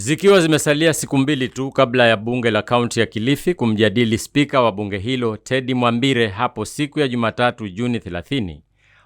Zikiwa zimesalia siku mbili tu kabla ya bunge la kaunti ya Kilifi kumjadili spika wa bunge hilo Teddy Mwambire hapo siku ya Jumatatu Juni 30,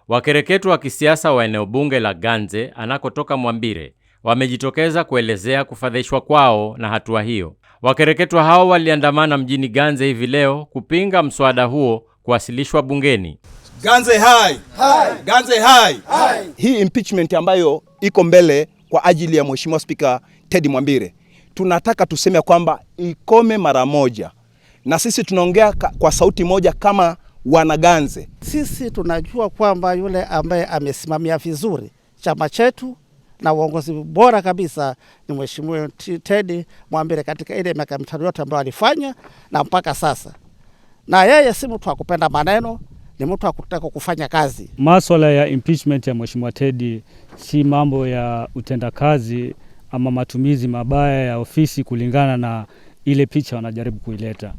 wakereketwa wa kisiasa wa eneo bunge la Ganze anakotoka Mwambire wamejitokeza kuelezea kufadhaishwa kwao na hatua hiyo. Wakereketwa hao waliandamana mjini Ganze hivi leo kupinga mswada huo kuwasilishwa bungeni. Ganze hai. Hai. Ganze hai. Hai. Hii impeachment ambayo iko mbele kwa ajili ya mheshimiwa spika Teddy Mwambire, tunataka tuseme kwamba ikome mara moja, na sisi tunaongea kwa sauti moja kama Wanaganze. Sisi tunajua kwamba yule ambaye amesimamia vizuri chama chetu na uongozi bora kabisa ni Mheshimiwa Teddy Mwambire katika ile miaka mitano yote ambayo alifanya na mpaka sasa. Na yeye si mtu akupenda maneno, ni mtu akutaka kufanya kazi. Maswala ya impeachment ya Mheshimiwa Teddy si mambo ya utendakazi ama matumizi mabaya ya ofisi kulingana na ile picha wanajaribu kuileta.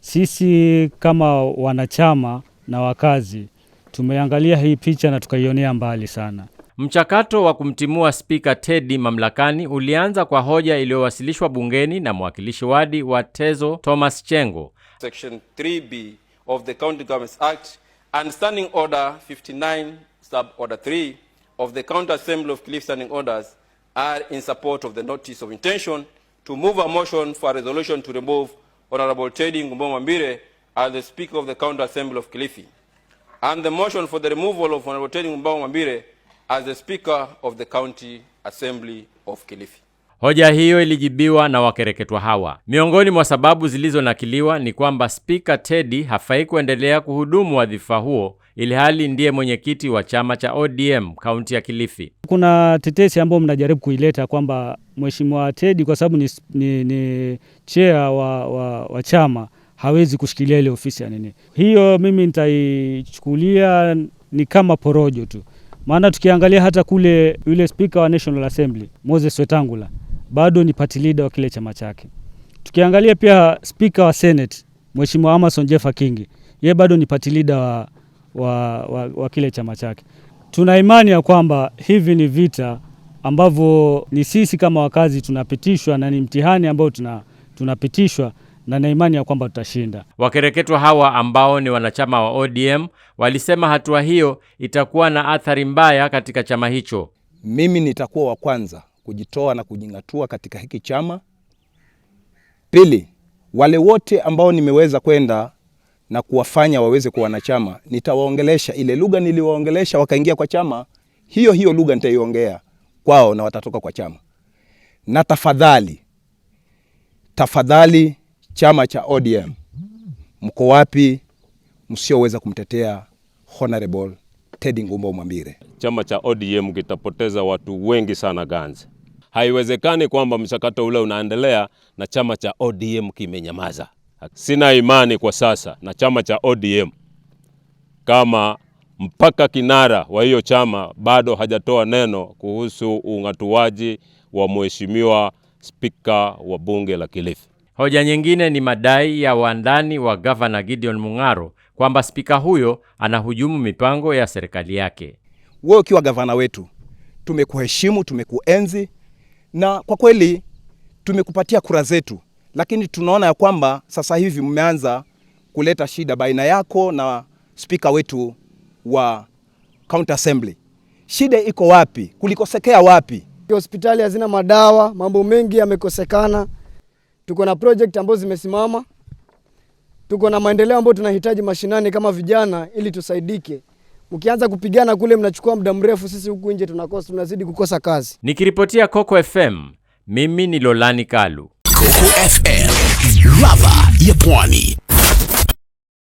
Sisi kama wanachama na wakazi tumeangalia hii picha na tukaionea mbali sana. Mchakato wa kumtimua Spika Teddy mamlakani ulianza kwa hoja iliyowasilishwa bungeni na mwakilishi wadi wa Tezo Thomas Chengo. Section 3B of the County Governments Act and Standing Order 59 sub order 3 of the County Assembly of Kilifi Standing Orders are in support of the notice of intention to move a motion for a resolution to remove Honorable Teddy Ngumboma as the Speaker of the County Assembly of Kilifi, and the motion for the removal of Honorable Teddy Ngumboma as the Speaker of the County Assembly of Kilifi. Hoja hiyo ilijibiwa na wakereketwa hawa. Miongoni mwa sababu zilizonakiliwa ni kwamba Spika Teddy hafai kuendelea kuhudumu wadhifa huo hali ndiye mwenyekiti wa chama cha ODM kaunti ya Kilifi. Kuna tetesi ambayo mnajaribu kuileta kwamba Mheshimiwa Teddy kwa sababu ni, ni, ni chair wa, wa, wa chama hawezi kushikilia ile ofisi ya nini. Hiyo mimi nitaichukulia ni kama porojo tu, maana tukiangalia hata kule yule spika wa National Assembly Moses Wetangula bado ni party leader wa kile chama chake. Tukiangalia pia spika wa Senate Mheshimiwa Amason Jeffa Kingi, ye bado ni party leader wa, wa, wa, wa kile chama chake. Tuna imani ya kwamba hivi ni vita ambavyo ni sisi kama wakazi tunapitishwa na ni mtihani ambao tuna, tunapitishwa na na imani ya kwamba tutashinda. Wakereketwa hawa ambao ni wanachama wa ODM walisema hatua hiyo itakuwa na athari mbaya katika chama hicho. Mimi nitakuwa wa kwanza kujitoa na kujing'atua katika hiki chama. Pili, wale wote ambao nimeweza kwenda na kuwafanya waweze kuwa na chama, nitawaongelesha ile lugha niliwaongelesha wakaingia kwa chama, hiyo hiyo lugha nitaiongea kwao na watatoka kwa chama. Na tafadhali tafadhali, chama cha ODM, mko wapi msioweza kumtetea Honorable Teddy Ngumbo Mwambire? Chama cha ODM kitapoteza watu wengi sana Ganze haiwezekani kwamba mchakato ule unaendelea na chama cha ODM kimenyamaza. Sina imani kwa sasa na chama cha ODM kama mpaka kinara wa hiyo chama bado hajatoa neno kuhusu ung'atuaji wa mheshimiwa spika wa bunge la Kilifi. Hoja nyingine ni madai ya wandani wa gavana Gideon Mung'aro kwamba spika huyo anahujumu mipango ya serikali yake. Wewe ukiwa gavana wetu, tumekuheshimu, tumekuenzi, na kwa kweli tumekupatia kura zetu, lakini tunaona ya kwamba sasa hivi mmeanza kuleta shida baina yako na spika wetu wa county assembly. Shida iko wapi? Kulikosekea wapi? Hospitali hazina madawa, mambo mengi yamekosekana. Tuko na project ambazo zimesimama, tuko na maendeleo ambayo tunahitaji mashinani kama vijana, ili tusaidike mkianza kupigana kule mnachukua muda mrefu, sisi huku nje tunakosa, tunazidi kukosa kazi. Nikiripotia Coco FM, mimi ni Lolani Kalu, Coco FM, ladha ya Pwani.